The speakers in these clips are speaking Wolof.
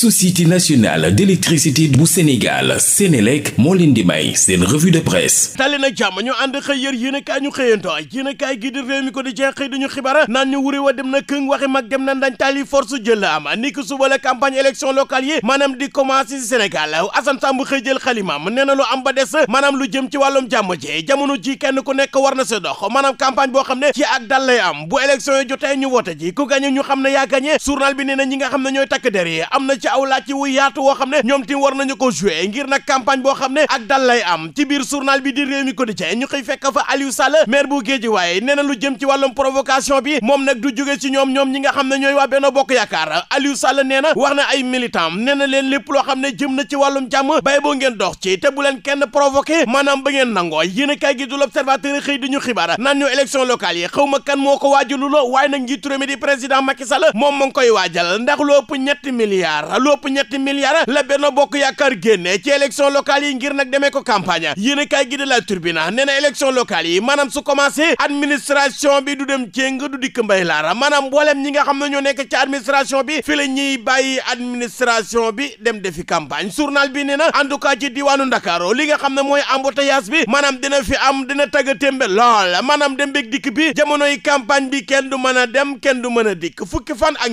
société nationale d'électricité bu Sénégal Sénélec moo leen di may seen revue de presse tali na jàmm ñu ànd xëy yër yéen a kaay ñu xëyanto yéen a xëy dañu xibara naan ñu wuri wa dem na këng waxi mag dem na dañ taali force jël am ni ki suba la campagne élection locale yi maanaam di commencé si Sénégal Assane Samb xëy jël xalimaam nee na lu am ba des maanaam lu jëm ci wàllum jàmm ji jamono ji kenn ku nekk war na sa dox maanaam boo xam ne ci ak aw laaj wu yaatu woo xam ne ñoom tim war nañu ko joué ngir nag campagne boo xam ne ak dal lay am ci biir journal bi di réew mi quotidien ñu xëy fekk fa Aliou Sall maire bu Guédiawaye nee na lu jëm ci wàllum provocation bi moom nag du jóge ci ñoom ñoom ñi nga xam ne ñooy waa benn Bokk Yaakaar Aliou Sall nee na wax na ay militant nee na leen lépp loo xam ne jëm na ci wàllum jàmm bay boo ngeen dox ci te bu leen kenn provoqué maanaam ba ngeen nangoo yéen kaay gi du l'observateur xëy di ñu xibaar naan ñu élection locale xaw ma kan moo ko waajalu waaye nag njiitu réew mi di président Macky Sall moom ma ngi koy waajal ndax ñetti milliards lu ñetti milliards la Benno Bokk Yaakaar génne ci élection locale yi ngir nag demee ko campagne yéen kay gi de la Tribune nee na élection yi maanaam su commencé administration bi du dem jéng du dikk mbay laara maanaam mboolem ñi nga xam ne ñoo nekk ci administration bi fi la ñuy bàyyi administration bi dem defi campagne journal bi nee na en tout a ci diwaanu Ndakaaru li nga xam ne mooy embouteillage bi maanaam dina fi am dina tagga témbe lool maanaam dem beeg dikk bi jamonoy bi kenn du mën a dem du mën a dikk fukki fan ak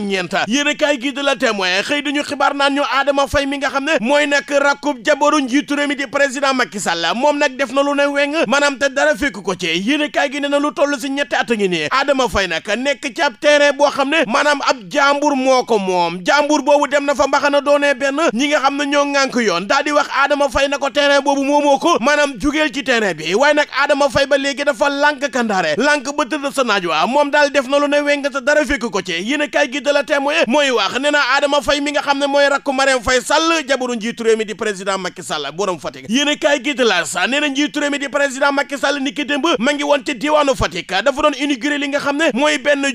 la xibaar naan ñu Adama Faye mi nga xam ne mooy nag rakkub jabaru njiitu réew mi di président Macky Sall moom nag def na lu ne weng maanaam te dara fekk ko ci yéenekaay gi nee na lu toll si ñetti at a ngi nii Adama Faye nag nekk ci ab boo xam ne maanaam ab jàmbur moo ko moom jàmbur boobu dem na fa mbaxana doonee benn ñi nga xam ne ñoo ŋànk yoon daal di wax Adama fay na ko terrain boobu moomoo ko maanaam jugeel ci terrain bi waaye nag Adama Faye ba léegi dafa lànk kandaare lànk ba sa naaj waa daal def na lu ne weng te da la témoin mooy wax nee na Adama Faye mi nga xam ne mooy rakku Marème Faye Sall jabaru njiitu réew mi di président Macky Sall borom Fatick yéen a kaay gi de la na mi di président Macky Sall ni démb ma ngi mooy benn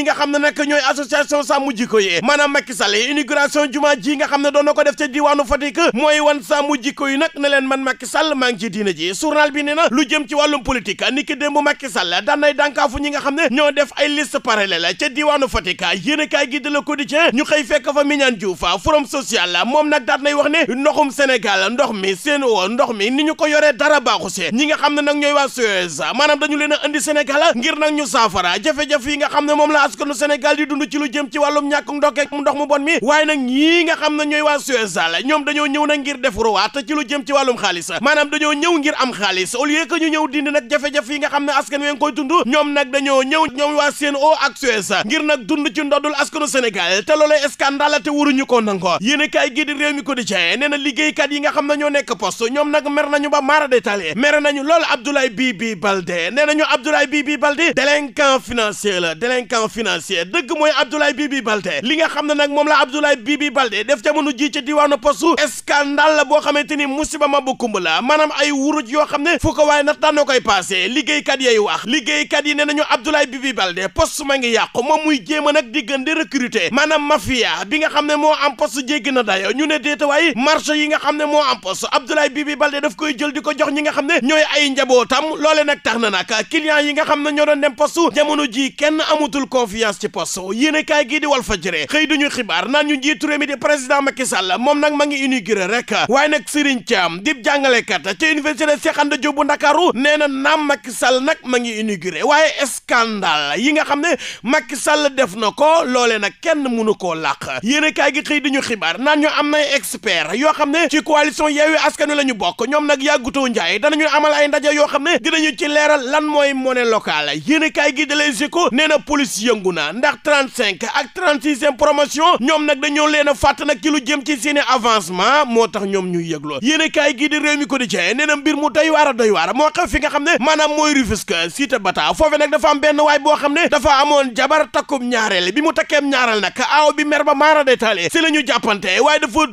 nga xam ne nag ñooy association sàmm jikko yi maanaam Macky Sall inauguration juma nga xam ne doon na ko def ca diwaanu Fatick mooy wan sàmm jikko yi nag ne leen man Macky Sall maa ngi ci diina ji journal bi nee na lu jëm ci wàllum politique ni ki démb Macky Sall daan dànkaafu ñi nga xam ne ñoo def ay liste parallèle ca diwaanu Fatick yéen a kaay gi ñu xëy fekk fa mi Mignane Diouf forum social la moom nag daat nay wax ne ndoxum Sénégal ndox mi seen woo ndox mi ni ñu ko yoree dara baaxu se ñi nga xam ne nag ñooy waa Suez maanaam dañu leen indi Sénégal ngir nag ñu saafara jafe yi nga xam ne moom la askanu Sénégal di dund ci lu jëm ci wàllum ñàkk ndokkee ndox mu bon mi waaye nag ñii nga xam ne ñooy waa Suez ñoom dañoo ñëw nag ngir ci lu jëm ci wàllum xaalis maanaam dañoo ñëw ngir am xaalis au lieu que ñu ñëw dindi nag jafe yi nga xam ne askan wee ngi koy dund ñoom nag dañoo ñëw ñoom waa Sen'Eau ak Suez ngir nag dund ci ndoddul askanu Sénégal te loolee scandale te waruñu ko nangu yéen kaay gi di réew mi quotidien nee na liggéeykat yi nga xam na ñoo nekk poste ñoom nag mer nañu ba mara détaillé mer nañu lool Abdoulaye Bibi Baldé nee nañu Abdoulaye Bibi Baldé délinquant financier la financier dëgg mooy Abdoulaye Bibi Baldé li nga xam ne nag moom la Abdoulaye Bibi Baldé def jamono ji ci diwaanu poste scandale la boo xamante ni musiba ma bu kumb la maanaam ay wuruj yoo xam ne fu ko waaye nag daanoo koy passé liggéeykat yay wax liggéeykat yi nee nañu Abdoulaye Bibi Baldé poste ma ngi yàqu moom muy jéem a nag diggante recruter maanaam mafia bi nga xam ne moo am poste jéggi na dayo ñu ne déeta waay marché yi nga xam ne moo am poste Abdoulaye Bibi Baldé daf koy jël di ko jox ñi nga xam ne ñooy ay njabootam loole nag tax na nag client yi nga xam ne ñoo doon dem poste jamono ji kenn amutul confiance ci poste yéene kaay gii di Walf Fadjri xëy duñu xibaar naan ñu njiitu réew mi di président Macky Sall moom nag ma ngi inauguré rek waaye nag Serigne Thiam dib jàngalekat ca université Cheikh Anta Diop bu Ndakaaru nee na naam Macky Sall nag ma ngi inauguré waaye scandale yi nga xam ne Macky Sall def na ko loole nag kenn mënu koo làq yéen a kaay gi xëy di ñu xibaar naan ñu am nay expert yoo xam ne ci coalition Yewwi Askan Wi la ñu bokk ñoom nag yàggutoo njaay danañu amal ay ndaje yoo xam ne dinañu ci leeral lan mooy monnaie locale yéen a gi da leen ko nee na police yëngu na ndax 35 ak 36e promotion ñoom nag dañoo leen a fàtt nag ci jëm ci seeni avancement moo tax ñoom ñuy yëgloo yéen a kaay gi di réew mi ko di cee nee na mbir mu doy waar a doy waar moo xew fi nga xam ne maanaam mooy Rufisque Cité Bata foofe nag dafa am benn waay boo xam ne dafa amoon jabar takkum ñaareel bi mu takkeem ñaareel nag aaw bi mer ba maara detaali si la ñu jàppante waaye dafa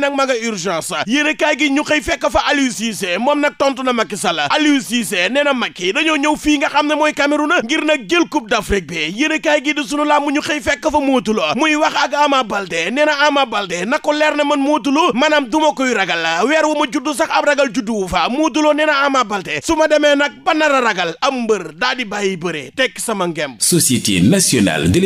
nag ma nga urgence yéen a kaay gi ñu xëy fekk fa Aliou Cissé moom nag tontu na Macky Sall Aliou Cissé nee na Macky dañoo ñëw fii nga xam ne mooy Cameroun ngir nag jël coupe d'Afrique bi yéen a kaay gi di sunu làmb xëy fekk fa Modou Lo wax Ama Baldé nee na Ama na leer na man Modou Lo maanaam duma koy ragal weer wu ma juddu sax ab ragal juddu wu fa Modou Lo nee na Ama Baldé su ma demee nag ba nar a ragal am mbër daa di bàyyi bëre tekk sama ngem société nationale